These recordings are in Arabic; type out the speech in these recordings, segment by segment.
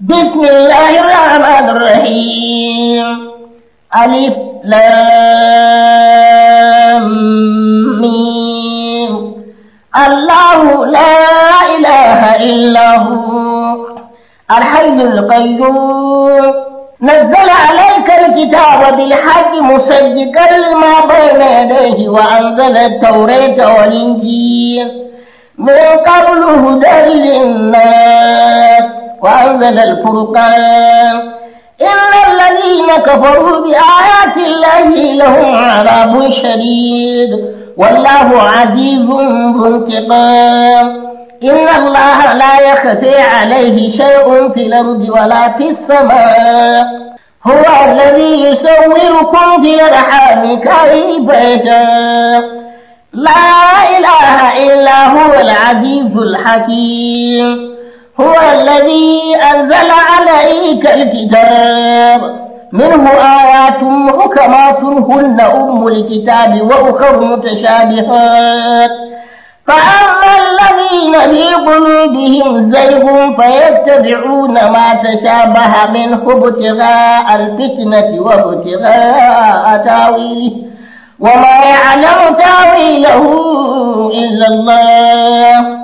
بسم الله الرحمن الرحيم ألف لام ميم الله لا إله إلا هو الحي القيوم نزل عليك الكتاب بالحق مصدقا لما بين يديه وأنزل التوراة والإنجيل من قبل هدى للناس وأنزل الفرقان إن الذين كفروا بآيات الله لهم عذاب شديد والله عزيز ذو انتقام إن الله لا يخفي عليه شيء في الأرض ولا في السماء هو الذي يصوركم في الأرحام كيف يشاء لا إله إلا هو العزيز الحكيم هو الذي أنزل عليك الكتاب منه آيات محكمات هن أم الكتاب وأخر متشابهات فأما الذين في قلوبهم زيغ فيتبعون ما تشابه منه ابتغاء الفتنة وابتغاء تاويله وما يعلم تاويله إلا الله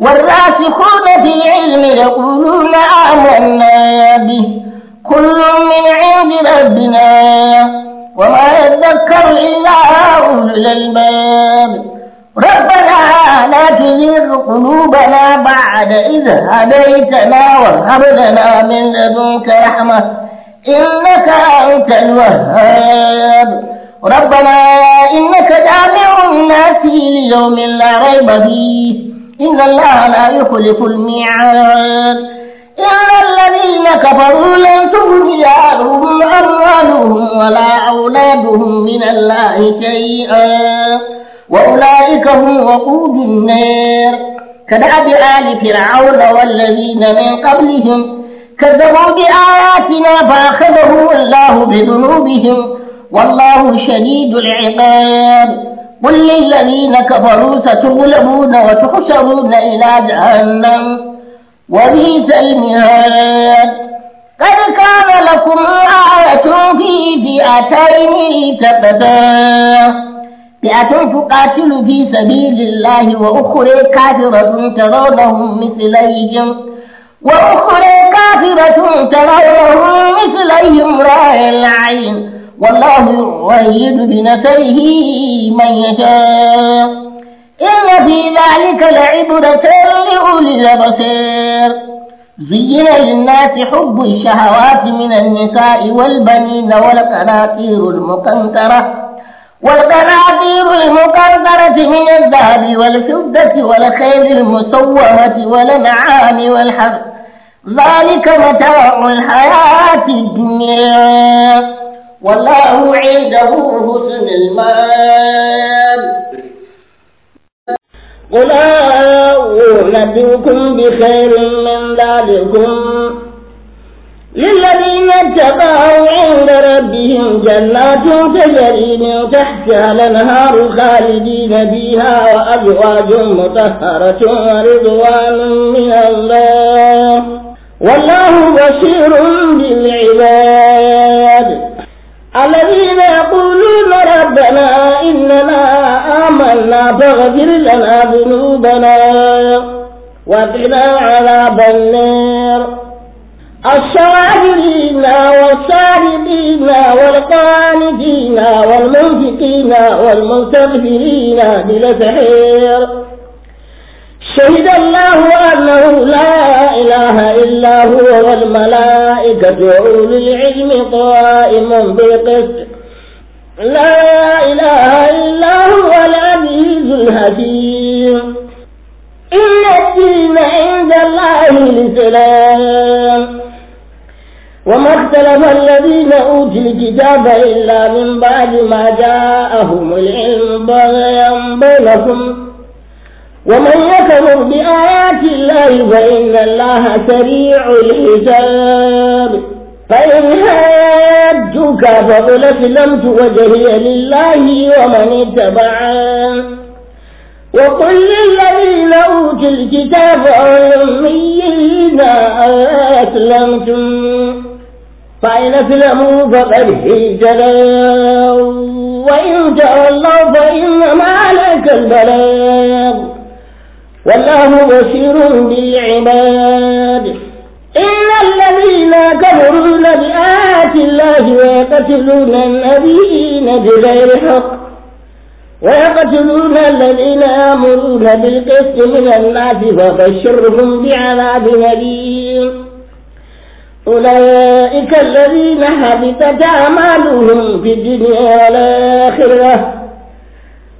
والراسخون في العلم يقولون آمنا به كل من عند ربنا وما يذكر إلا أولو الألباب ربنا لا تزغ قلوبنا بعد إذ هديتنا وهب لنا من لدنك رحمة إنك أنت الوهاب ربنا إنك جامع الناس ليوم لا ريب فيه إن الله لا يخلف الميعاد إن الذين كفروا لن تغني عنهم أموالهم ولا أولادهم من الله شيئا وأولئك هم وقود النار كدأب آل فرعون والذين من قبلهم كذبوا بآياتنا فأخذهم الله بذنوبهم والله شديد العقاب قل للذين كفروا ستغلبون وتحشرون إلى جهنم وبئس المهاد قد كان لكم آية في فئتين التقتا فئة تقاتل في سبيل الله وأخرى كافرة ترونهم مثليهم وأخرى كافرة ترونهم مثليهم رأي العين والله يؤيد بنصره من يشاء إن في ذلك لعبرة لأولي الأبصار زين للناس حب الشهوات من النساء والبنين والقناطير المقنطرة والقناطير المقنطرة من الذهب والفضة والخيل المسومة والنعام والحر ذلك متاع الحياة الدنيا والله عنده حسن المآب قل أنبئكم بخير من ذلكم للذين اتقوا عند ربهم جنات تجري من تحتها الأنهار خالدين فيها وأزواج مطهرة ورضوان من الله والله بشير بالعباد الذين يقولون ربنا إننا آمنا فاغفر لنا ذنوبنا وقنا عذاب النار الصابرين والصابرين والقانتين والمنفقين والمستغفرين بالسحير شهد الله أنه لا إله شركة للعلم العلم قائما بقسط لا إله إلا هو العزيز الهديم إن الدين عند الله الإسلام وما اختلف الذين أوتوا الكتاب إلا من بعد ما جاءهم العلم بغيا بينهم ومن يكفر بآيات الله فإن الله سريع الحساب فإن حاجك فقل أسلمت وجهي لله ومن اتبعه وقل للذين أوتوا الكتاب والأميين أسلمتم فإن أسلموا فقد اهتدوا وإن تولوا فإنما عليك البلاغ والله بصير بالعباد إن الذين كفروا بآيات الله ويقتلون الذين بغير حق ويقتلون الذين يأمرون بالقسط من الناس وبشرهم بعذاب أليم أولئك الذين حبطت أعمالهم في الدنيا والآخرة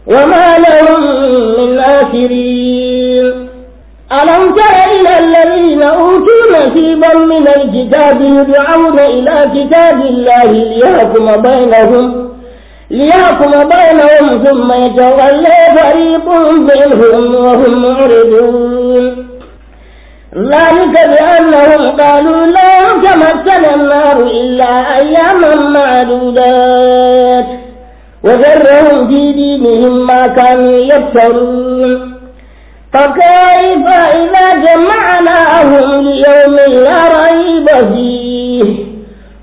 وما لهم من آخرين ألم تر إلى الذين أوتوا نصيبا من الكتاب يدعون إلى كتاب الله ليحكم بينهم ليحكم بينهم ثم يتولى فريق منهم وهم معرضون ذلك بأنهم قالوا لا تمكن النار إلا أياما معدودات وذرهم في دينهم ما كانوا يفترون فكيف إذا جمعناهم ليوم لا ريب فيه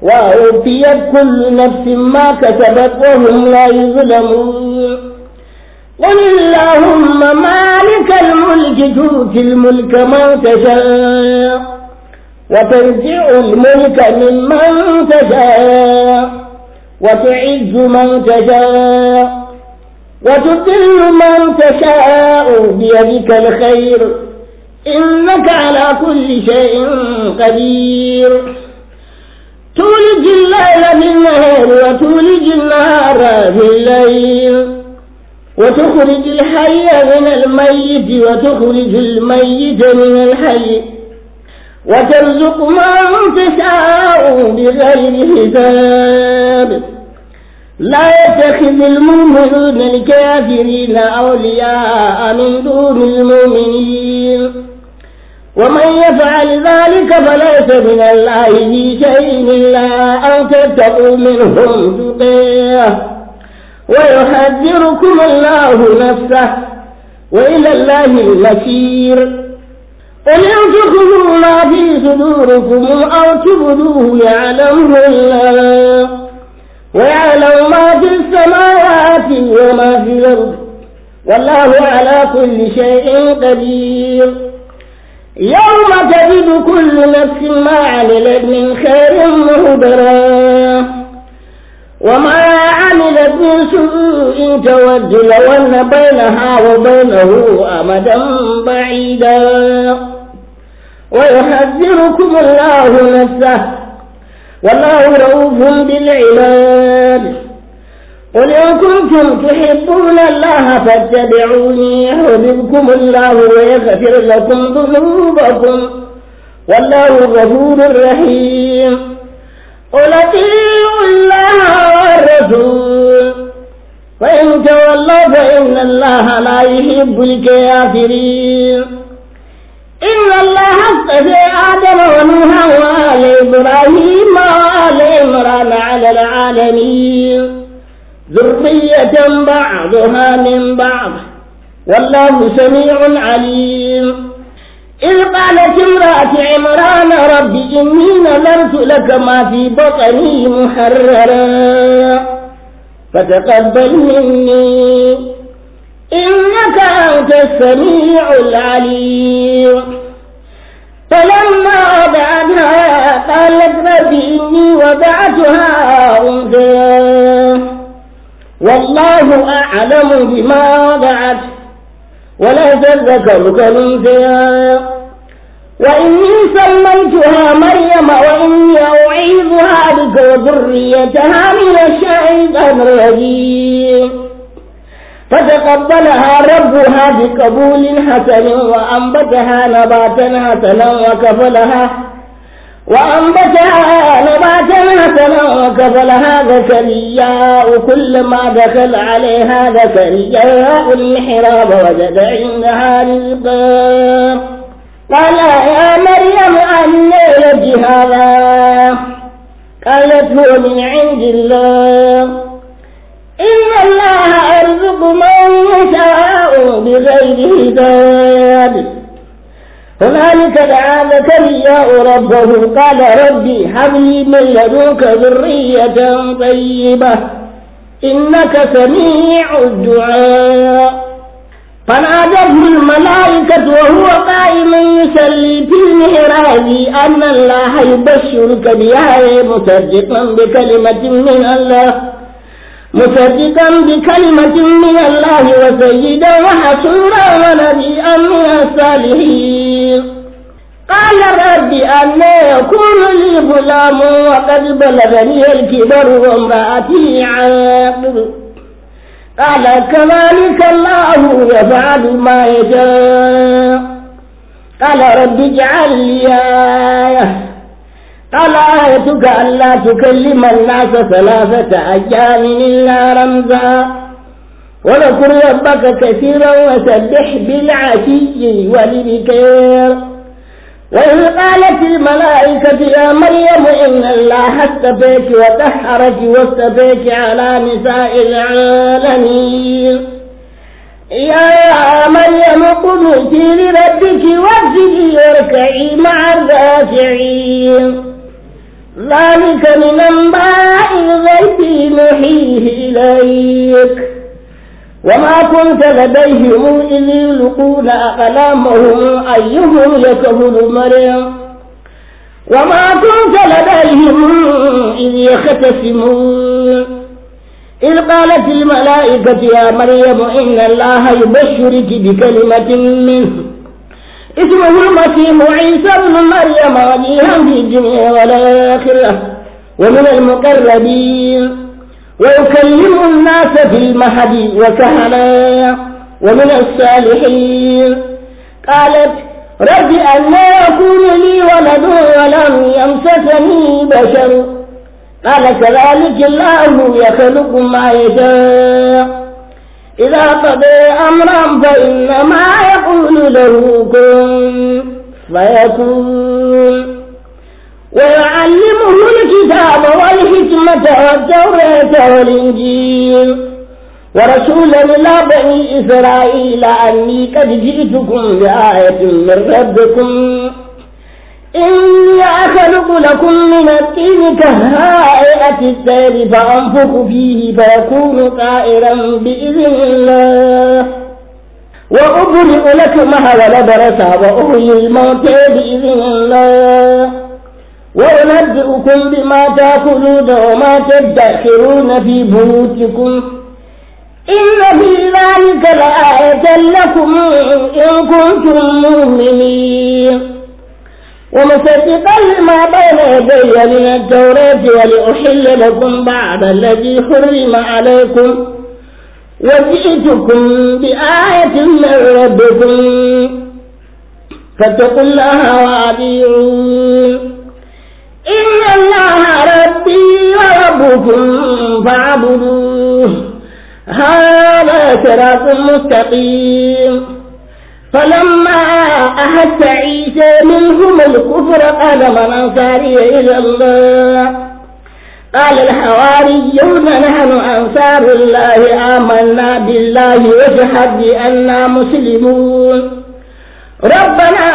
وأوفيت كل نفس ما كسبت وهم لا يظلمون قل اللهم مالك الملك تؤتي الملك من تشاء وتنزع الملك ممن تشاء وتعز من تشاء وتذل من تشاء بيدك الخير إنك على كل شيء قدير تولج الليل في النهار وتولج النهار في الليل وتخرج الحي من الميت وتخرج الميت من الحي وترزق من تشاء بغير حساب لا يتخذ المؤمنون الكافرين أولياء من دون المؤمنين ومن يفعل ذلك فليس من الله في شيء إلا أن تتقوا منهم تقيه ويحذركم الله نفسه وإلى الله المسير قل إن تخذوا ما في صدوركم أو تبدوه يعلمه الله ويعلم ما في السماوات وما في الأرض والله على كل شيء قدير يوم تجد كل نفس ما عملت من خير مهدرا وما عملت من سوء تود لو أن بينها وبينه أمدا بعيدا ويحذركم الله نفسه والله رؤوف بالعباد قل إن كنتم تحبون الله فاتبعوني يحببكم الله ويغفر لكم ذنوبكم والله غفور رحيم قل أطيعوا الله والرسول فإن تولوا فإن الله لا يحب الكافرين إلا حق في آدم ونوح وآل إبراهيم وآل عمران على العالمين ذرية بعضها من بعض والله سميع عليم إذ قالت امرأة عمران رب إني نذرت لك ما في بطني محررا فتقبل مني إنك أنت السميع العليم فلما وضعتها قالت رب إني وضعتها أنثى والله أعلم بما وضعت وليس الذكر كالأنثى وإني سميتها مريم وإني أعيذها بك وذريتها من الشيطان الرجيم فتقبلها ربها بقبول حسن وأنبتها نباتا حسنا وكفلها وأنبتها نباتا حسنا وكفلها زكريا كلما دخل عليها زكريا المحراب وجد عندها رزقا قال يا مريم أن لك هذا قالت هو من عند الله إن الله أرزق من يشاء بغير حساب هنالك دعا زكريا ربه قال ربي هب لي من يدوك ذرية طيبة إنك سميع الدعاء فنادته الملائكة وهو قائم يصلي في المهراب أن الله يبشرك بها مصدقا بكلمة من الله مصدقا بكلمة من الله وسيدا وحسورا ونبيا من الصالحين قال رب أن يكون لي غلام وقد بلغني الكبر وامرأتي عاقل قال كذلك الله يفعل ما يشاء قال رب اجعل لي آية ألا آيتك ألا تكلم الناس ثلاثة أيام إلا رمزا وذكر ربك كثيرا وسبح بالعشي والبكير وإذ قالت الملائكة يا مريم إن الله اصطفيك وطهرك واصطفيك على نساء العالمين يا مريم قنوتي لربك وارجلي واركعي مع الراكعين ذلك من أنباء الغيب نحيه إليك وما كنت لديهم إذ يلقون أقلامهم أيهم يكفل مريم وما كنت لديهم إذ يختصمون إذ قالت الملائكة يا مريم إن الله يبشرك بكلمة منه اسمه المسيح عيسى ابن مريم وجيها في الدنيا والآخرة ومن المقربين ويكلم الناس في المهد وكهلا ومن الصالحين قالت رب أن لا يكون لي ولد ولم يمسسني بشر قال كذلك الله يخلق ما يشاء إذا قضى أمرا فإنما يقول له كن فيكون ويعلمه الكتاب والحكمة والتوراة والإنجيل ورسولا إلى بني إسرائيل أني قد جئتكم بآية من ربكم إني أخلق لكم من الطين كهائئة السيل فأنفخ فيه فيكون طائرا بإذن الله وأبرئ لكم ولبرس وأحيي الموتى بإذن الله وأنبئكم بما تأكلون وما تدخرون في بيوتكم إن في ذلك لآية لكم إن كنتم مؤمنين ومصدقا لما بين يدي من التوراة ولأحل لكم بعد الذي حرم عليكم وجئتكم بآية من ربكم فاتقوا الله وأطيعون إن الله ربي وربكم فاعبدوه هذا صراط مستقيم فلما أحس عيسى منهم الكفر قال من أنصاري إلى الله قال الحواريون نحن أنصار الله آمنا بالله واشهد بأننا مسلمون ربنا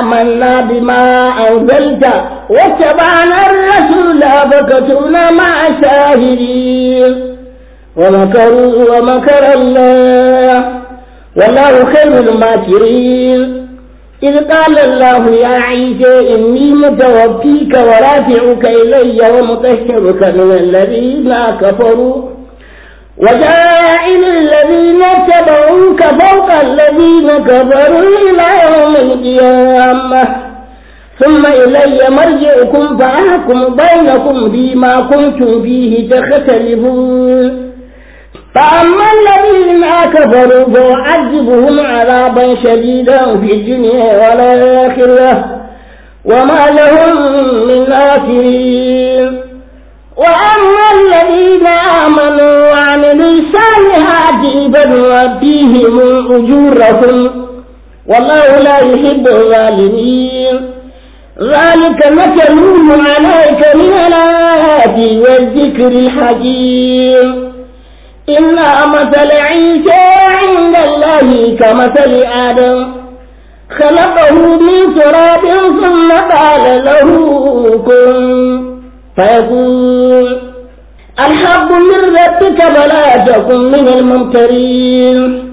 آمنا بما أنزلت واتبعنا الرسول فكتبنا مع الشاهدين ومكروا ومكر الله والله خير الماكرين إذ قال الله يا عيسى إني متوفيك ورافعك إلي ومطهرك من الذين كفروا وجاعل الذين اتبعوك فوق الذين كفروا إلى يوم القيامة ثم إلي مرجعكم فأحكم بينكم فيما كنتم فيه تختلفون فأما الذين كفروا فأعذبهم عذابا شديدا في الدنيا والآخرة وما لهم من آخرين وأما الذين آمنوا وعملوا الصالحات فنوفيهم أجورهم والله لا يحب الظالمين ذلك مثلهم عليك من الآيات والذكر الحكيم إن مثل عيسى عند الله كمثل آدم خلقه من تراب ثم قال له كن فيقول الحق من ربك فلا تكن من الممترين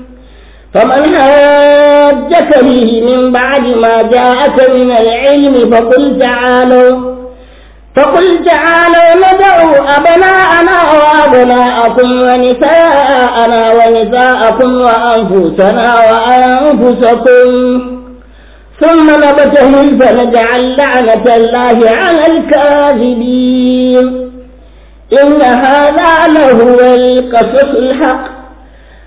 فمن حاجك به من بعد ما جاءك من العلم فقل تعالوا فقل تعالوا ندعوا أبناءنا وأبناءكم ونساءنا ونساءكم وأنفسنا وأنفسكم ثم نبتهم فنجعل لعنة الله على الكاذبين إن هذا لهو القصص الحق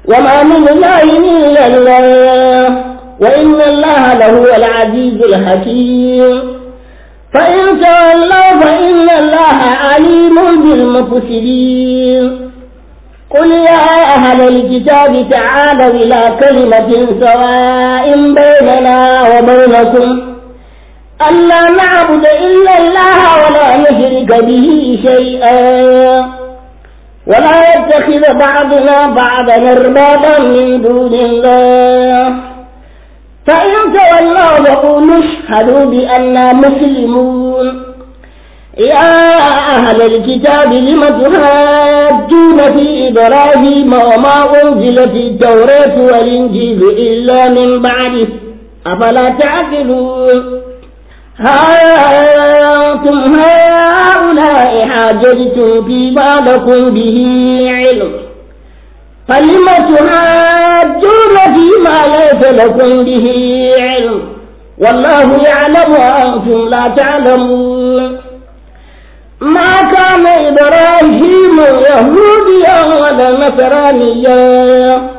وما من الله إلا الله وإن الله لهو العزيز الحكيم فإن تولوا فإن الله عليم بالمفسدين قل يا أهل الكتاب تعالوا إلى كلمة سواء بيننا وبينكم ألا نعبد إلا الله ولا نشرك به شيئا ولا يتخذ بعضنا بعضا أربابا من دون الله fa in tawallaw wa qulu ishhadu bi anna muslimun ya ahla alkitabi lima tuhajjuna fi ibrahima wama unzilat ltawratu walinjilu illa min badi afala taqilun hayantum hayaulai hajajtum fima lakum bihi ilm فلم تحاجون فيما ليس لكم به علم والله يعلم وأنتم لا تعلمون ما كان إبراهيم يهوديا ولا نصرانيا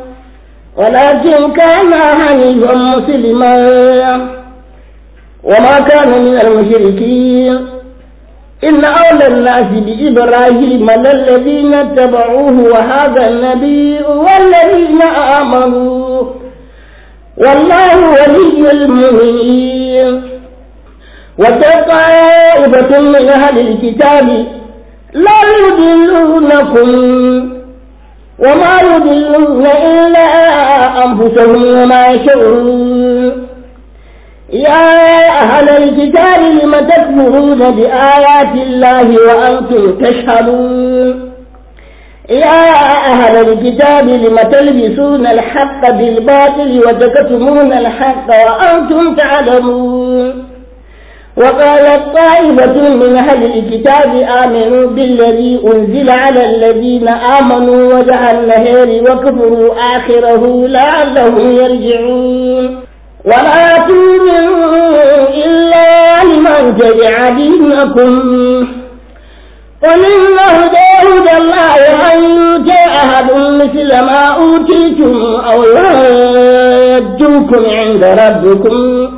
ولكن كان حنيفا مسلما وما كان من المشركين إن أولى الناس بإبراهيم للذين اتبعوه وهذا النبي والذين آمنوا والله ولي المؤمنين وتطائفة من أهل الكتاب لا يضلونكم وما يضلون إلا أنفسهم وما يشعرون يا أهل الجدار لم تكفرون بآيات الله وأنتم تشهدون يا أهل الكتاب لم تلبسون الحق بالباطل وتكتمون الحق وأنتم تعلمون وقالت طائفة من أهل الكتاب آمنوا بالذي أنزل على الذين آمنوا وجعل النهار وكفروا آخره لعلهم يرجعون ولا تؤمنوا إلا لمن تبع دينكم قل إن هدى الله أن يؤتى أحد مثل ما أوتيتم أو يجوكم عند ربكم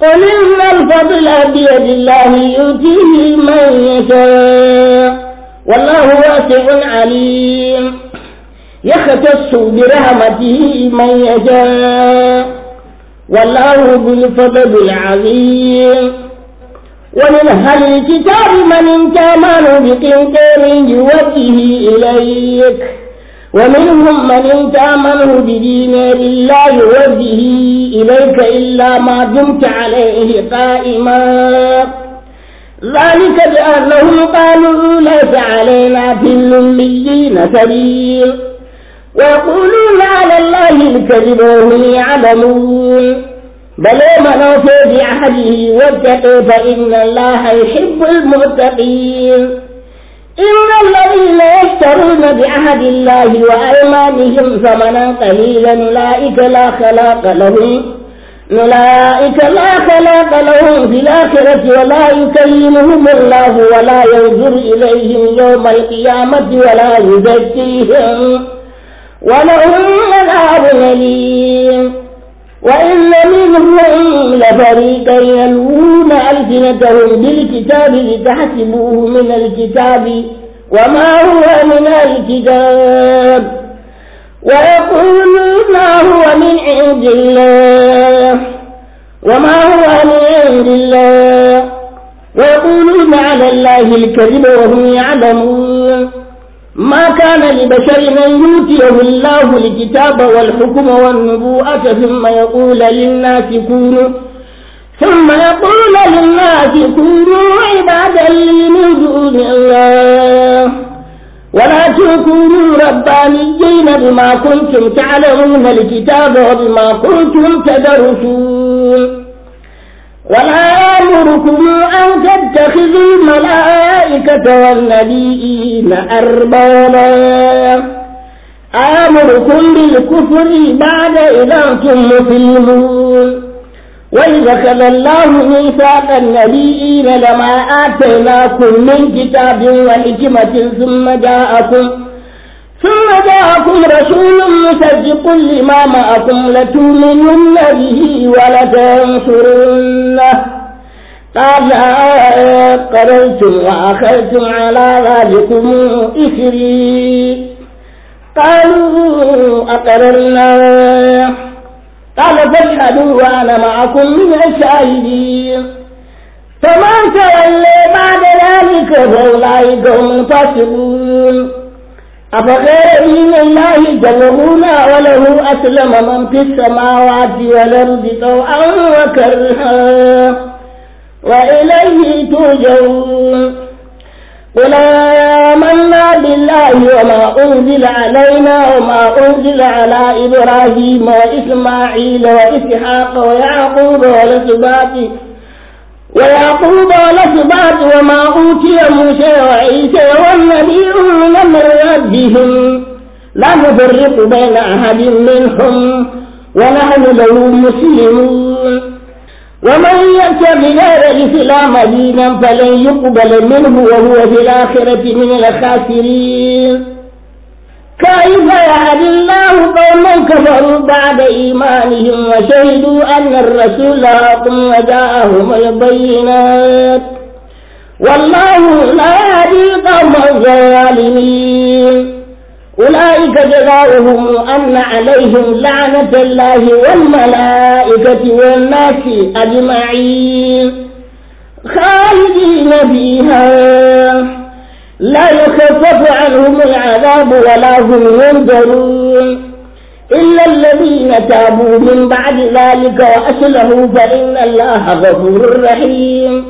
قل إن الفضل بيد الله يؤتيه من يشاء والله واسع عليم يختص برحمته من يشاء والله ذو الفضل العظيم ومن أهل الكتاب من إن تأمن بقنطير يوجه إليك ومنهم من إن تأمنه بدين لا يوده إليك إلا ما دمت عليه قائما ذلك بأنهم قالوا ليس علينا في الأميين سبيل ويقولون على الله الكذب وهم يعلمون بل ومن اوفي بعهده واتقي فان الله يحب المتقين ان الذين يشترون بعهد الله وايمانهم ثمنا قليلا اولئك لا خلاق لهم أولئك لا خلاق لهم في الآخرة ولا يكلمهم الله ولا ينظر إليهم يوم القيامة ولا يزكيهم ولهم عذاب أليم وإن منهم لفريقا يلوون ألسنتهم بالكتاب لتحسبوه من الكتاب وما هو من الكتاب ويقولون هو من عند الله وما هو من عند الله ويقولون على الله الكذب وهم يعلمون ما كان لبشر أن يؤتيه الله الكتاب والحكم والنبوءة ثم يقول للناس كونوا ثم يقول للناس كونوا عبادا لي من دون الله ولكن كونوا ربانيين بما كنتم تعلمون الكتاب وبما كنتم تدرسون ولا يأمركم أن تتخذوا الملائكة والنبيين أربابا آمركم بالكفر بعد إذا أنتم مسلمون وإذا خلى الله ميثاق النبيين لما آتيناكم من كتاب وحكمة ثم جاءكم ثم جاءكم رسول مصدق لما معكم لتؤمنن به ولتنصرنه قال قريتم وأخذتم على ذلكم إثري قالوا أقررنا قال فاشهدوا وأنا معكم من الشاهدين فمن تولي بعد ذلك فأولئك هم الفاسقون أفغير دين الله يبغون وله أسلم من في السماوات والأرض طوعا وكرها وإليه ترجعون قل آمنا بالله وما أنزل علينا وما أنزل على إبراهيم وإسماعيل وإسحاق ويعقوب والأسباط ويعقوب والأسباط وما أوتي موسى وعيسى والنبيون من, ربهم لا نفرق بين أحد منهم ونحن له مسلمون ومن يات غير الإسلام دينا فلن يقبل منه وهو في الآخرة من الخاسرين كيف يهد الله قوما كفروا بعد إيمانهم وشهدوا أن الرسول حق وجاءهم البينات والله لا يهدي القوم الظالمين أولئك جزاؤهم أن عليهم لعنة الله والملائكة والناس أجمعين خالدين فيها لا يخفف عنهم العذاب ولا هم ينذرون إلا الذين تابوا من بعد ذلك وأسلموا فإن الله غفور رحيم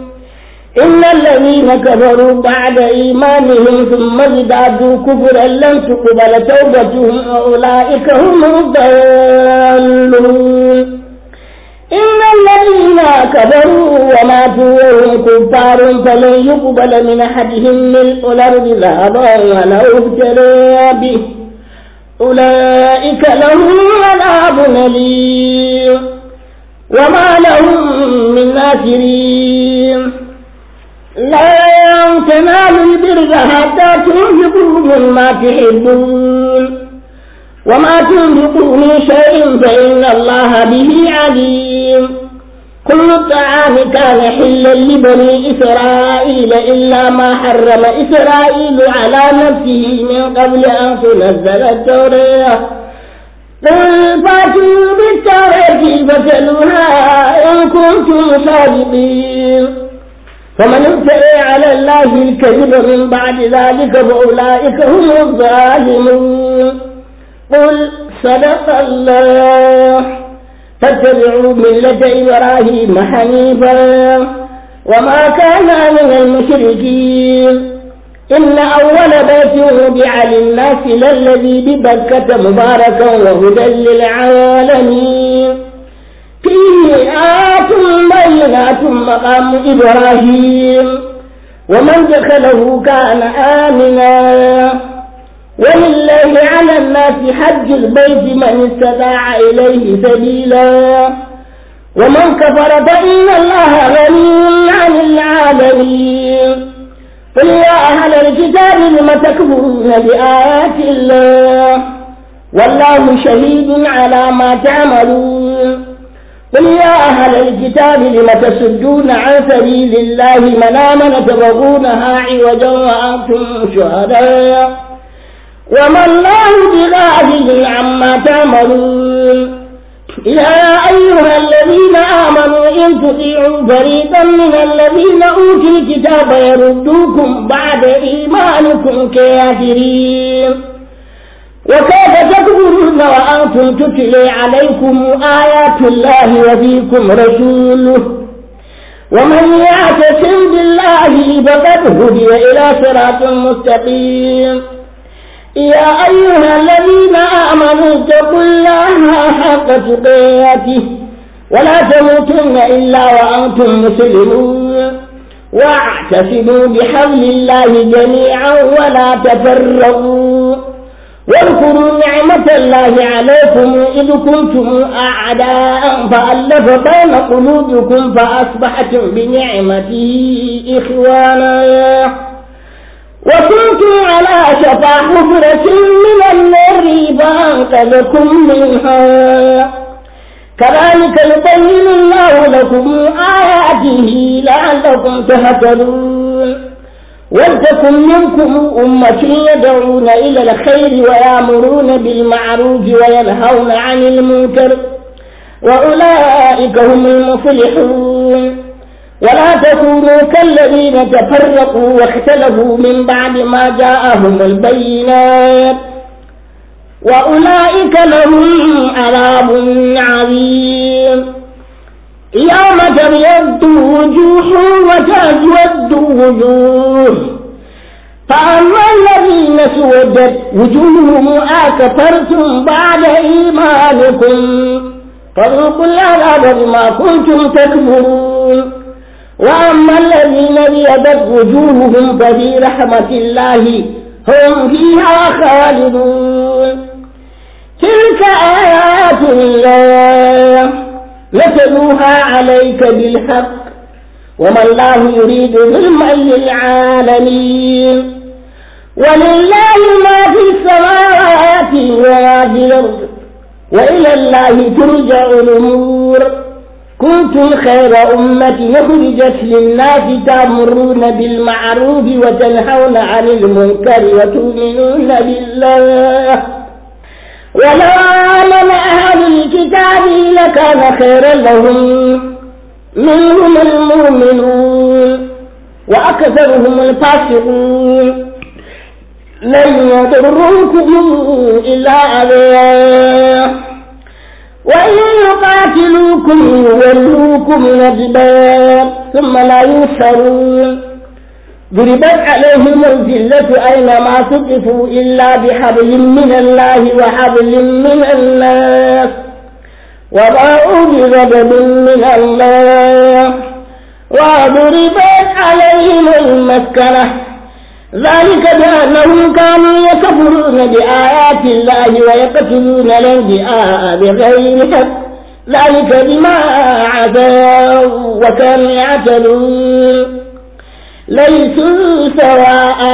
إن الذين كفروا بعد إيمانهم ثم ازدادوا كفرا لن تقبل توبتهم أولئك هم الضالون إن الذين كفروا وماتوا وهم كفار فلن يقبل من أحدهم ملء الأرض ذهبا ولو افترى به أولئك لهم عذاب أليم وما لهم من ناصرين لا تنالوا البر حتى تنفقوا مما تحبون وما تنفقوا من شيء فإن الله به عليم كل الطعام كان حلا لبني إسرائيل إلا ما حرم إسرائيل على نفسه من قبل أن تنزل التوراة قل فاتوا بالتوراة فسألوها إن كنتم صادقين فمن افترى على الله الكذب من بعد ذلك فأولئك هم الظالمون قل صدق الله فاتبعوا ملة إبراهيم حنيفا وما كان من المشركين إن أول بيت وضع للناس للذي ببكة مباركا وهدى للعالمين فيه آيات بينات مقام إبراهيم ومن دخله كان آمنا ولله على الناس حج البيت من استطاع إليه سبيلا ومن كفر فإن الله غني عن العالمين قل يا أهل الكتاب لم تكفرون بآيات الله والله شهيد على ما تعملون قل يا أهل الكتاب لم تصدون عن سبيل الله من آمن تبغونها عوجا وأنتم شهداء وما الله بغافل عما تعملون يا أيها الذين آمنوا إن تطيعوا فريقا من الذين أوتوا الكتاب يردوكم بعد إيمانكم كافرين وكيف تكفرون وأنتم تتلي عليكم آيات الله وفيكم رسوله ومن يعتصم بالله فقد هدي إلى صراط مستقيم يا أيها الذين آمنوا اتقوا الله حق تقاته ولا تموتن إلا وأنتم مسلمون واعتصموا بحول الله جميعا ولا تفرقوا واذكروا نعمة الله عليكم إذ كنتم أعداء فألف بين قلوبكم فأصبحتم بنعمته إخوانا وكنت على شفا حفرة من النار فأنقذكم منها كذلك يبين الله لكم آياته لعلكم تهتدون ولتكن منكم أمة يدعون إلى الخير ويأمرون بالمعروف وينهون عن المنكر وأولئك هم المفلحون ولا تكونوا كالذين تفرقوا واختلفوا من بعد ما جاءهم البينات وأولئك لهم عذاب عظيم يوم تبيض وجوه وتسود وجوه فأما الذين سودت وجوههم أكفرتم بعد إيمانكم فذوقوا العذاب بما كنتم تكفرون وأما الذين ابيضت وجوههم ففي رحمة الله هم فيها خالدون تلك آيات الله نتلوها عليك بالحق وما الله يريد ظلما للعالمين ولله ما في السماوات وما في الأرض وإلى الله ترجع الأمور كنتم خير أمة أخرجت للناس تأمرون بالمعروف وتنهون عن المنكر وتؤمنون بالله ولو آمن أهل الكتاب لكان خيرا لهم منهم المؤمنون وأكثرهم الفاسقون لن يضروكم إلا أذى وإن يقاتلوكم يولوكم الأدبار ثم لا ينصرون ضربت عليهم الذلة أينما تقفوا إلا بحبل من الله وحبل من الناس وباءوا بغضب من الله وضربت عليهم المسكنة ذلك بأنهم كانوا يكفرون بآيات الله ويقتلون الأنبياء بغير حق ذلك بما عذاب وكانوا يعتدون ليسوا سواء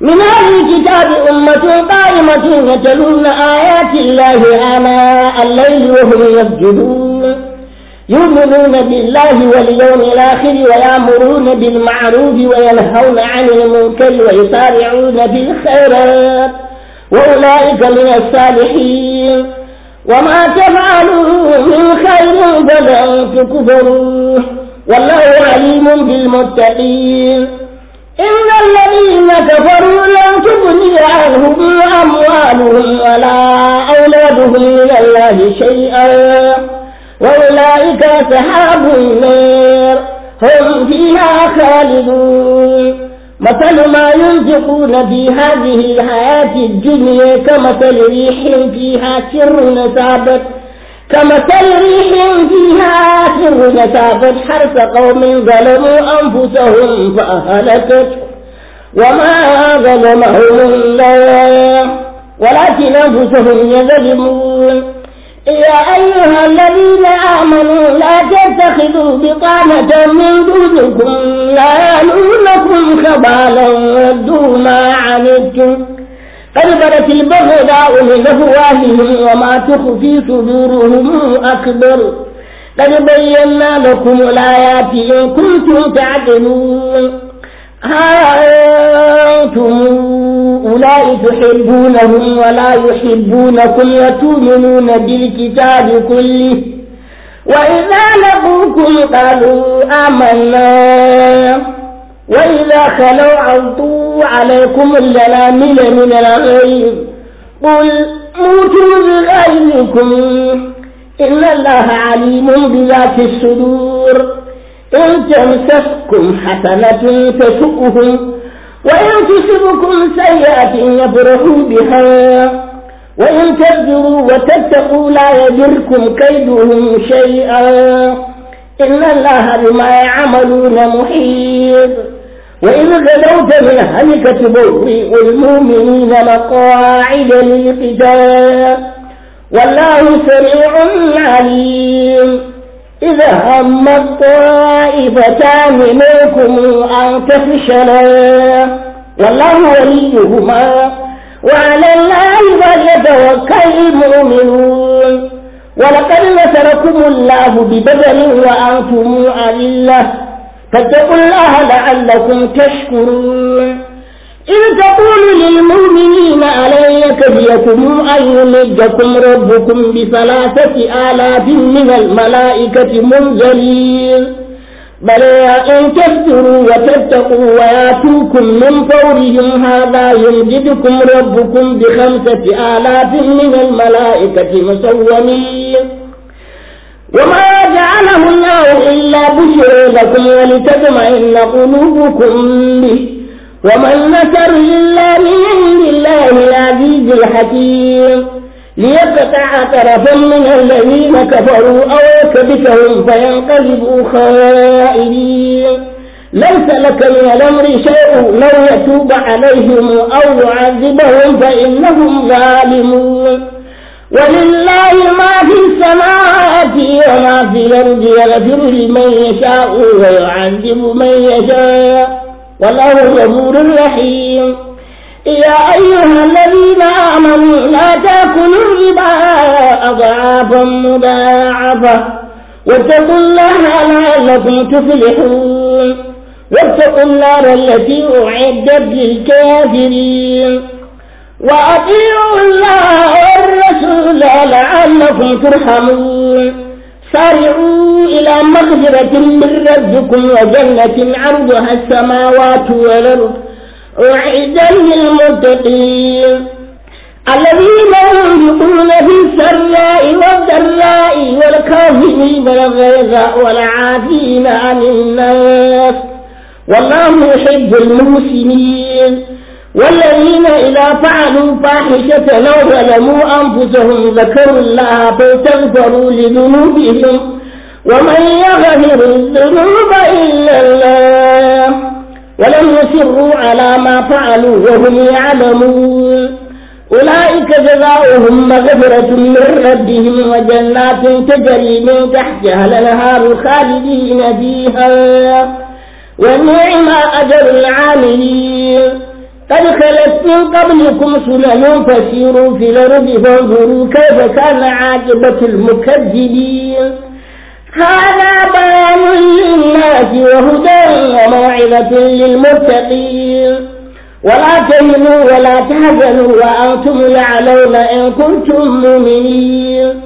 من أهل الكتاب أمة قائمة يتلون آيات الله آناء الليل وهم يسجدون يؤمنون بالله واليوم الآخر ويأمرون بالمعروف وينهون عن المنكر ويسارعون في الخيرات وأولئك من الصالحين وما تفعلوا من خير فلن تكفروا والله عليم بالمتقين إن الذين كفروا لن تغني عنهم أموالهم ولا أولادهم من الله شيئا وأولئك أصحاب النار هم فيها خالدون مثل ما ينفقون في هذه الحياة الدنيا كمثل ريح فيها سر نسابت كمثل ريح فيها سر نسابت حرث قوم ظلموا أنفسهم فأهلكت وما ظلمهم الله ولكن أنفسهم يظلمون يا أيها الذين آمنوا لا تتخذوا بطانة من دونكم لا يلونكم خبالا ودوا ما عنتم قد بدت البغضاء من أفواههم وما تخفي صدورهم أكبر قد بينا لكم الآيات إن كنتم تعقلون ها أنتم أولئك تحبونهم ولا يحبونكم وتؤمنون بالكتاب كله وإذا لقوكم قالوا آمنا وإذا خلوا عضوا عليكم الجلامل من الغيظ قل موتوا بغيظكم إن الله عليم بذات الصدور إن تمسككم حسنة تسؤهم وإن تصبكم سيئة يفرحوا بها وإن تصبروا وتتقوا لا يجركم كيدهم شيئا إن الله بما يعملون محيط وإن غدوت من هلكة برئ المؤمنين مقاعد للقتال والله سميع عليم إذا هم الطائفتان منكم أن تفشلا والله وليهما وعلى الله فليتوكل المؤمنون ولقد نصركم الله ببدل وأنتم أذلة فاتقوا الله لعلكم تشكرون إذ تقول للمؤمنين ألن يكفيكم أن يمدكم ربكم بثلاثة آلاف من الملائكة منزلين بل إن تبتروا وتتقوا وياتوكم من فورهم هذا يمددكم ربكم بخمسة آلاف من الملائكة مسومين وما جعله الله إلا بشرى لكم ولتطمئن قلوبكم به وما نكر إلا من عند الله العزيز الحكيم ليقطع طرفا من الذين كفروا أو يكبتهم فينقلبوا خائبين ليس لك من الأمر شيء لو يتوب عليهم أو يعذبهم فإنهم ظالمون ولله ما في السماوات وما في الأرض يغفر لمن يشاء ويعذب من يشاء والله غفور رحيم يا أيها الذين آمنوا لا تأكلوا الربا أضعافا مضاعفة واتقوا الله لعلكم تفلحون واتقوا النار التي أعدت للكافرين وأطيعوا الله والرسول لعلكم ترحمون سارعوا إلى مغفرة من ربكم وجنة عرضها السماوات والأرض وعدا للمتقين الذين ينفقون في السراء والضراء والكاظمين الغيظ والعافين عن الناس والله يحب المحسنين والذين إذا فعلوا فاحشة لو ظلموا أنفسهم ذكروا الله فاستغفروا لذنوبهم ومن يغفر الذنوب إلا الله ولم يصروا على ما فعلوا وهم يعلمون أولئك جزاؤهم مغفرة من ربهم وجنات تجري من تحتها الأنهار خالدين فيها ونعم أجر العاملين قد خلت من قبلكم سنن فسيروا في الأرض فانظروا كيف كان عاقبة المكذبين هذا بيان للناس وهدى وموعظة للمتقين ولا تهنوا ولا تهزنوا وأنتم يعلون إن كنتم مؤمنين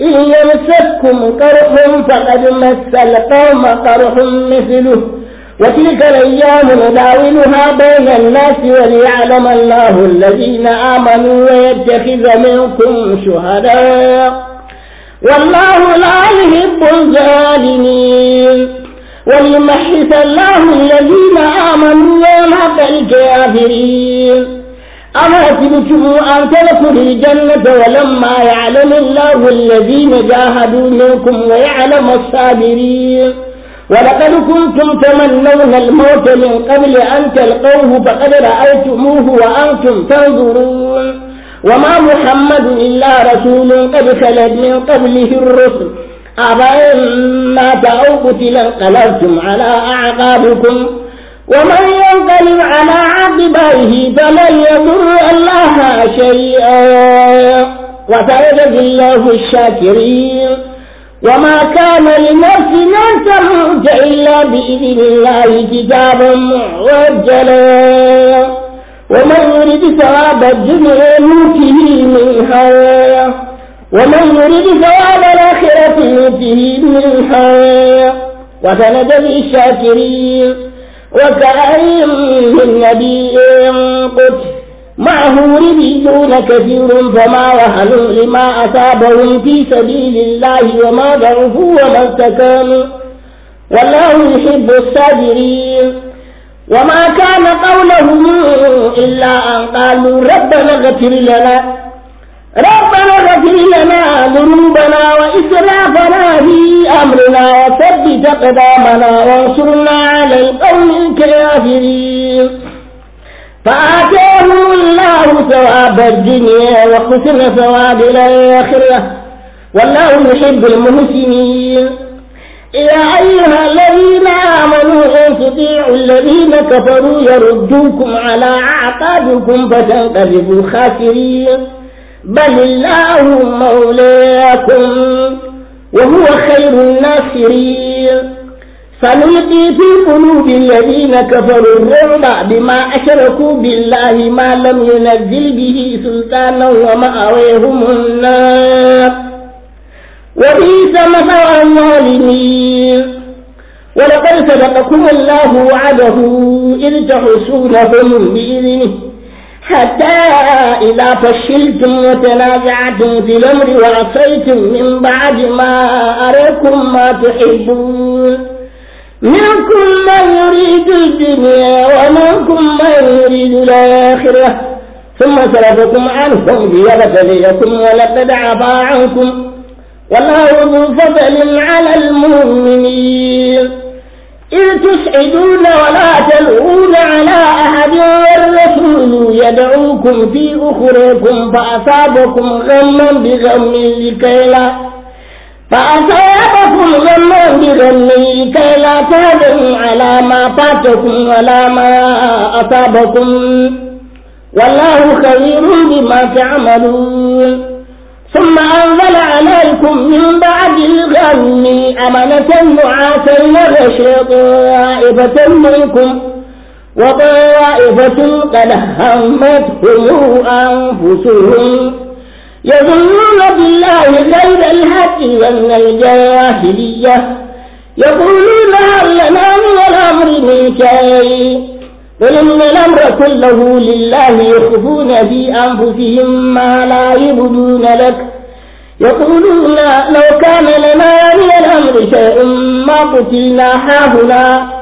إن يمسكم قرح فقد مس القوم قرح مثله وتلك الأيام نداولها بين الناس وليعلم الله الذين آمنوا ويتخذ منكم شهداء والله لا يحب الظالمين وليمحص الله الذين آمنوا ويمحق الكافرين أما حسبتم أن تدخلوا الجنة ولما يعلم الله الذين جاهدوا منكم ويعلم الصابرين ولقد كنتم تمنون الموت من قبل أن تلقوه فقد رأيتموه وأنتم تنظرون وما محمد إلا رسول قد خلت من قبله الرسل أفإن مات أو قتل انقلبتم على أعقابكم ومن ينقلب على عقبيه فلن يضر الله شيئا وسيجزي الله الشاكرين وما كان لنفس ان تموت الا باذن الله كتابا معجلا ومن يرد ثواب الدنيا نوته منها ومن يرد ثواب الآخرة نوته منها وسنجزي الشاكرين وكأي من نبي قتل معه ربيون كثير فما وهنوا لما أصابهم في سبيل الله وما ضعفوا وما استكانوا والله يحب الصابرين وما كان قولهم إلا أن قالوا ربنا اغفر لنا ربنا اغفر لنا ذنوبنا وإسرافنا في أمرنا وثبت أقدامنا وانصرنا على القوم الكافرين فآتاهم الله ثواب الدنيا وقسم ثواب الآخرة والله يحب المحسنين يا أيها الذين آمنوا إن تطيعوا الذين كفروا يردوكم على أعقابكم فتنقلبوا خاسرين بل الله مولاكم وهو خير الناصرين سنلقي في قلوب الذين كفروا الرعب بما أشركوا بالله ما لم ينزل به سلطانا ومأويهم النار وبئس مثوى الظالمين ولقد صدقكم الله وعده إذ تحسونهم بإذنه حتى إذا فشلتم وتنازعتم في الأمر وعصيتم من بعد ما أراكم ما تحبون منكم من يريد الدنيا ومنكم من يريد الآخرة ثم صرفكم عنهم ليبتليكم ولقد عفا عنكم والله ذو فضل على المؤمنين إذ تسعدون ولا تلوون على أحد والرسول يدعوكم في أخركم فأصابكم غما بغم لكي لا فأصابكم ذنب بذنبه كي لا تعلم على ما فاتكم ولا ما أصابكم والله خبير بما تعملون ثم أنزل عليكم من بعد الغم أمنة نعاسا يغشى طائفة منكم وطائفة قد همتهم أنفسهم يظنون بالله غير الحق ومن الجاهلية يقولون هل لنا من الأمر من شيء قل إن الأمر كله لله يخفون في أنفسهم ما لا يبدون لك يقولون لو كان لنا من الأمر شيء ما قتلنا هاهنا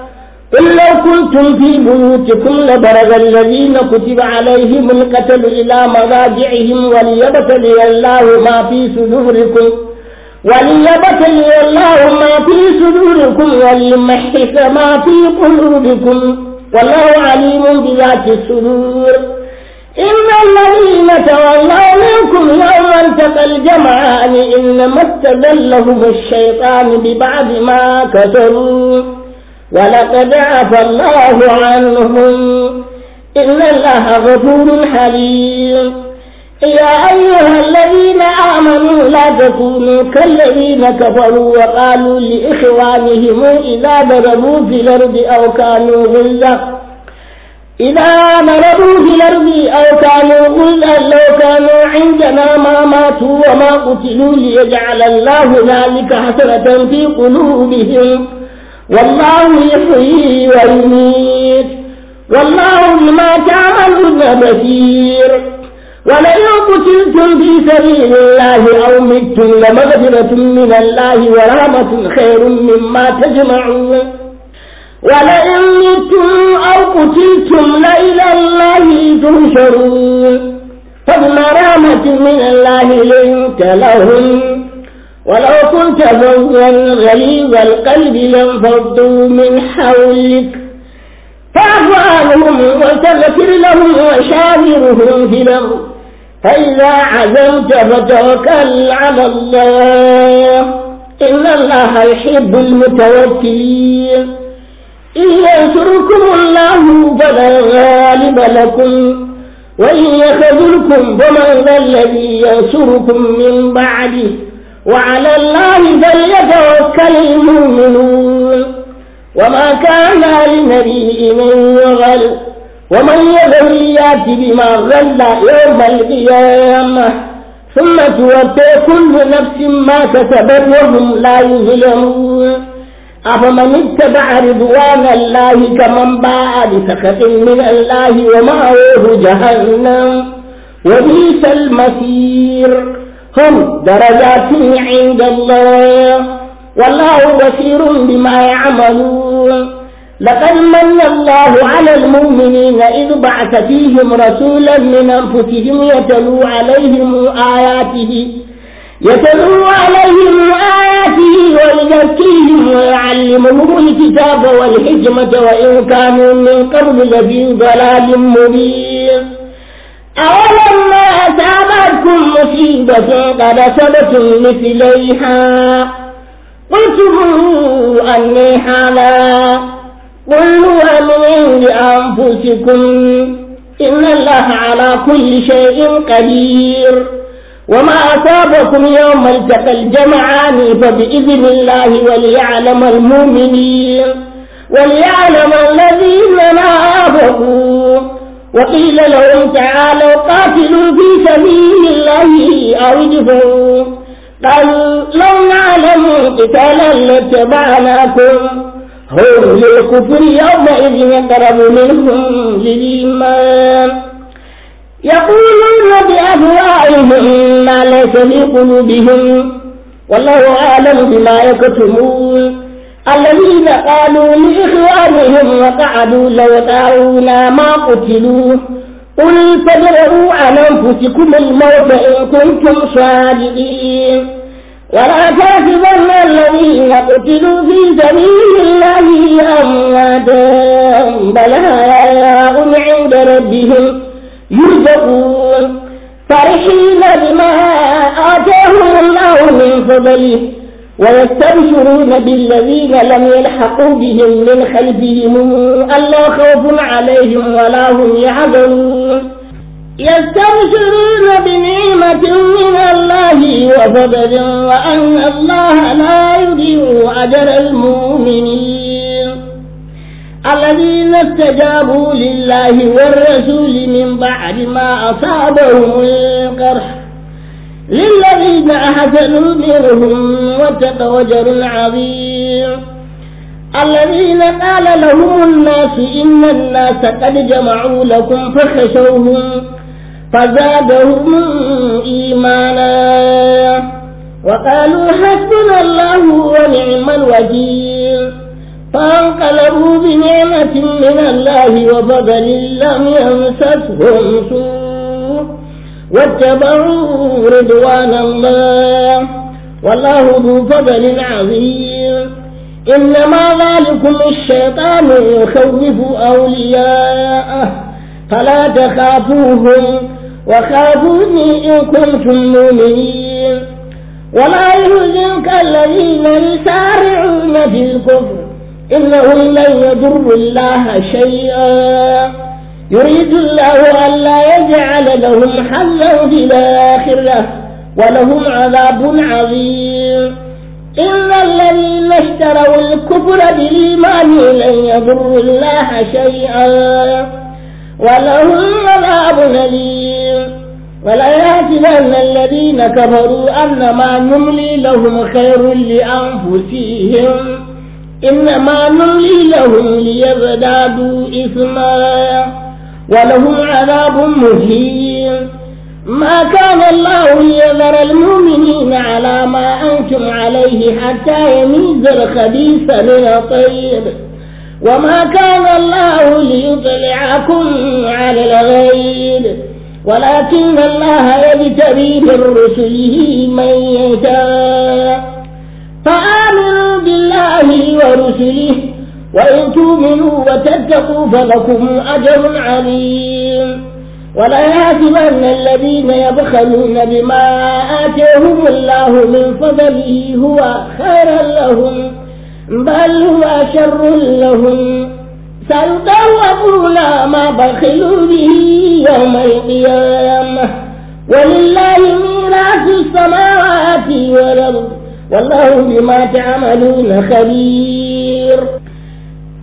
قل لو كنتم في بيوتكم لبرز الذين كتب عليهم القتل إلى مضاجعهم وليبتلي الله ما في صدوركم وليبتلي الله ما في صدوركم وليمحص ما في قلوبكم والله عليم بذات الصدور إن الذين تولوا منكم يوم التقى الجمعان إنما استدلهم الشيطان ببعض ما كسروا ولقد عفى الله عنهم إن الله غفور حليم يا أيها الذين آمنوا لا تكونوا كالذين كفروا وقالوا لإخوانهم إذا ضربوا في الأرض أو كانوا غزا إذا ضربوا في الأرض أو كانوا غزا لو كانوا عندنا ما ماتوا وما قتلوا ليجعل الله ذلك حسرة في قلوبهم والله يحيي ويميت والله بما تعملون بصير ولئن قتلتم في سبيل الله أو متم لمغفرة من الله ورحمة خير مما تجمعون ولئن متم أو قتلتم لإلى الله تنشرون فبما رحمة من الله لنت لهم ولو كنت فظا غليظ القلب لانفضوا من حولك فاعف عنهم واستغفر لهم وشاورهم في الأرض فإذا عزمت فتوكل على الله إن الله يحب المتوكلين إن ينصركم الله فلا غالب لكم وإن يخذلكم فمن ذا الذي ينصركم من بعده وعلى الله فليتوكل المؤمنون وما كان لنبي من يغل ومن يغل يات بما غل يوم القيامة ثم توفي كل نفس ما كسبت وهم لا يظلمون أفمن اتبع رضوان الله كمن باع بسخط من الله ومأواه جهنم وبئس المصير هم درجاته عند الله والله بصير بما يعملون لقد من الله على المؤمنين إذ بعث فيهم رسولا من أنفسهم يتلو عليهم آياته يتلو عليهم آياته ويزكيهم ويعلمهم الكتاب والحكمة وإن كانوا من قبل لفي ضلال مبين أولما أصابتكم مصيبة قد أصبتم مثليها قلتم أني هذا قل هو من عند أنفسكم إن الله على كل شيء قدير وما أصابكم يوم التقى الجمعان فبإذن الله وليعلم المؤمنين وليعلم الذين نافقوا وقيل لهم تعالوا قاتلوا في سبيل الله أو اجفوا قال لو نعلم قتالا لاتبعناكم هم للكفر يومئذ يقرب منهم للإيمان يقولون بأفواههم ما ليس في قلوبهم والله أعلم بما يكتمون الذين قالوا لإخوانهم وقعدوا لو دعونا ما قتلوا قل فجروا عن أنفسكم الموت إن كنتم صادقين ولا تحسبن الذين قتلوا في سبيل الله أمواتا بل أحياء عند ربهم يرزقون فرحين بما آتاهم الله من فضله ويستبشرون بالذين لم يلحقوا بهم من خلفهم ألا خوف عليهم ولا هم يحزنون يستبشرون بنعمة من الله وفضل وأن الله لا يضيع أجر المؤمنين الذين استجابوا لله والرسول من بعد ما أصابهم القرح للذين أحسنوا منهم وجر العظيم الذين قال لهم الناس إن الناس قد جمعوا لكم فخشوهم فزادهم إيمانا وقالوا حسبنا الله ونعم الوكيل فانقلبوا بنعمة من الله وفضل لم يمسسهم سوء واتبعوا رضوان الله والله ذو فضل عظيم إنما ذلكم الشيطان يخوف أولياءه فلا تخافوهم وخافوني إن كنتم مؤمنين ولا يهزمك الذين يسارعون في الكفر إنهم لن يضروا الله شيئا يريد الله ألا يجعل لهم حظا في الآخرة ولهم عذاب عظيم إن الذين اشتروا الكفر بالإيمان لن يضروا الله شيئا ولهم عذاب أليم وليعتبن الذين كفروا أن ما نملي لهم خير لأنفسهم إنما نملي لهم ليزدادوا إثما ولهم عذاب مهين ما كان الله ليذر المؤمنين على ما أنتم عليه حتى يميز الخبيث من الطيب وما كان الله ليطلعكم على الغيب ولكن الله يجتبي من رسله من يشاء فآمنوا بالله ورسله وإن تؤمنوا وتتقوا فلكم أجر عظيم ولا يحسبن الذين يبخلون بما آتيهم الله من فضله هو خيرا لهم بل هو شر لهم سيطوقون ما بخلوا به يوم القيامة ولله ميراث السماوات والأرض والله بما تعملون خبير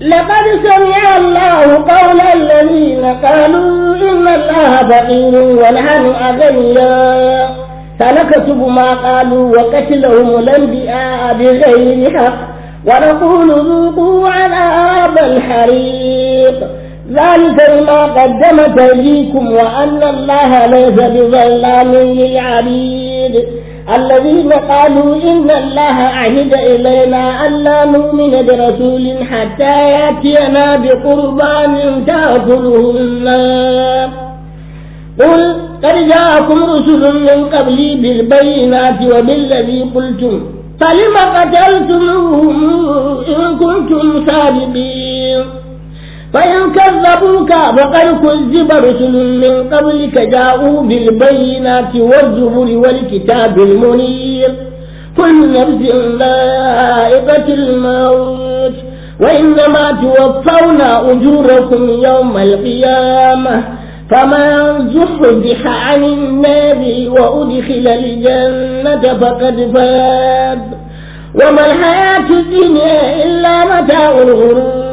لقد سمع الله قول الذين قالوا إن الله بغير ونحن أغنياء سنكتب ما قالوا وقتلهم الأنبياء بغير حق ونقول ذوقوا عذاب الحريق ذلك بما قدمت أيديكم وأن الله ليس بظلام للعبيد الذين قالوا إن الله عهد إلينا أن لا نؤمن برسول حتى يأتينا بقربان تأكله النار قل قد جاءكم رسل من قبلي بالبينات وبالذي قلتم فلم قتلتموهم إن كنتم صادقين فإن كذبوك فقد كذب رسل من قبلك جاءوا بالبينات والزبر والكتاب المنير كل نفس ذائقة الموت وإنما توفون أجوركم يوم القيامة فمن زحزح عن النار وأدخل الجنة فقد فاز وما الحياة الدنيا إلا متاع الغرور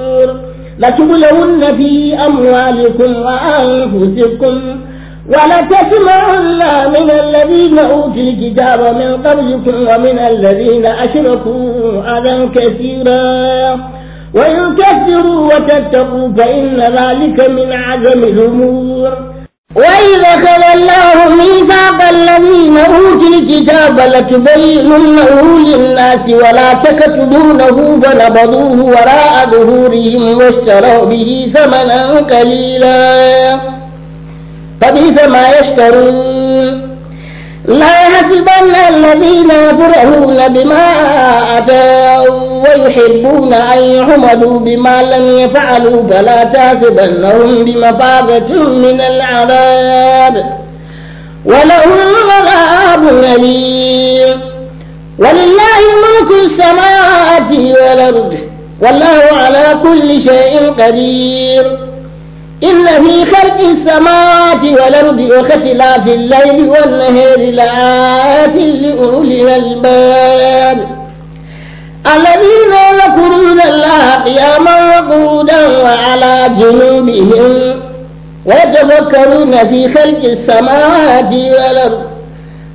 لتبلون في أموالكم وأنفسكم ولتسمعن من الذين أوتوا الكتاب من قبلكم ومن الذين أشركوا أذى كثيرا وإن تكفروا وتتقوا فإن ذلك من عزم الأمور وإذا خذ الله ميثاق الذين أوتوا الكتاب لتبيننه للناس ولا تكتبونه فنبذوه وراء ظهورهم واشتروا به ثمنا قليلا فبئس ما يشترون لا يحسبن الذين يفرحون بما أتوا ويحبون أن يحمدوا بما لم يفعلوا فلا تحسبنهم بمفازة من العذاب ولهم عذاب أليم ولله ملك السماوات والأرض والله على كل شيء قدير إن في خلق السماوات والأرض واختلاف الليل والنهار لآيات لأولي الألباب الذين يذكرون الله قياما وقعودا وعلى جنوبهم ويتفكرون في خلق السماوات والأرض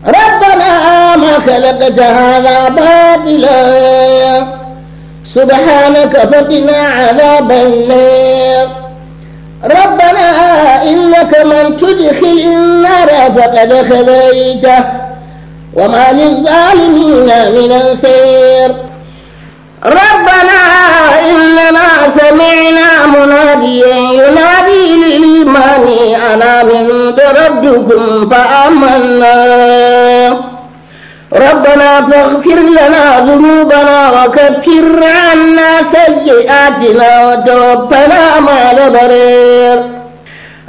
ربنا ما خلقت هذا باطلا سبحانك فقنا عذاب النار ربنا إنك من تدخل النار فقد خذيته وما للظالمين من أنصير ربنا إننا سمعنا مناديا ينادي للإيمان أنا من ربكم فآمنا ربنا فاغفر لنا ذنوبنا وكفر عنا سيئاتنا وتوفنا مع البرير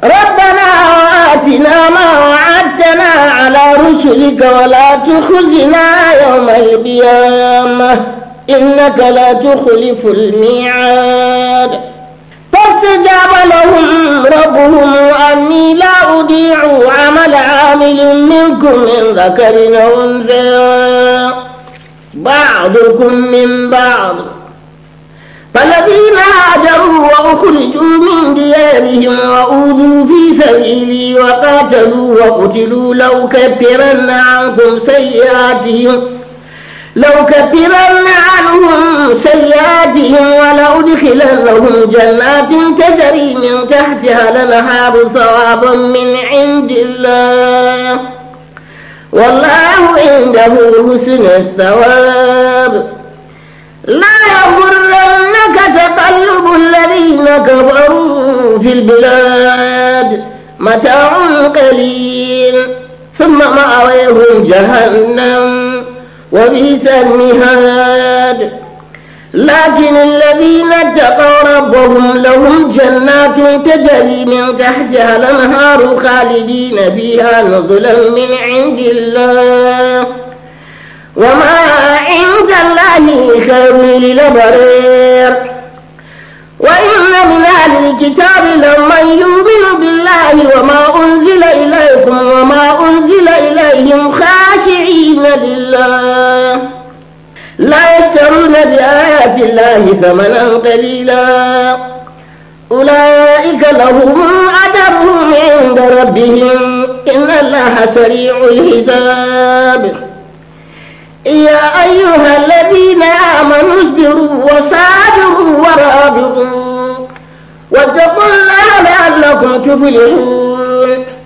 ربنا وآتنا ما وعدتنا على رسلك ولا تخزنا يوم القيامة إنك لا تخلف الميعاد فاستجاب لهم ربهم أني لا أضيع عمل عامل منكم من ذكر أو أنثى بعضكم من بعض فالذين هاجروا وأخرجوا من ديارهم وأوذوا في سبيلي وقاتلوا وقتلوا لأكفرن عنكم سيئاتهم لو لأكفرن عنهم سيئاتهم ولأدخلنهم جنات تجري من تحتها لنهار ثوابا من عند الله والله عنده حسن الثواب لا يغرنك تقلب الذين كفروا في البلاد متاع قليل ثم مأويهم جهنم وبئس المهاد لكن الذين اتقوا ربهم لهم جنات تجري من تحتها الانهار خالدين فيها نزلا من عند الله وما عند الله خير للبرير وإن من أهل الكتاب لمن يؤمن بالله وما أنزل إليكم وما أنزل إليهم خاشعين لله لا يشترون بآيات الله ثمنا قليلا أولئك لهم أدب عند ربهم إن الله سريع الحساب يا أيها الذين آمنوا اصبروا وصابروا ورابطوا واتقوا الله لعلكم تفلحون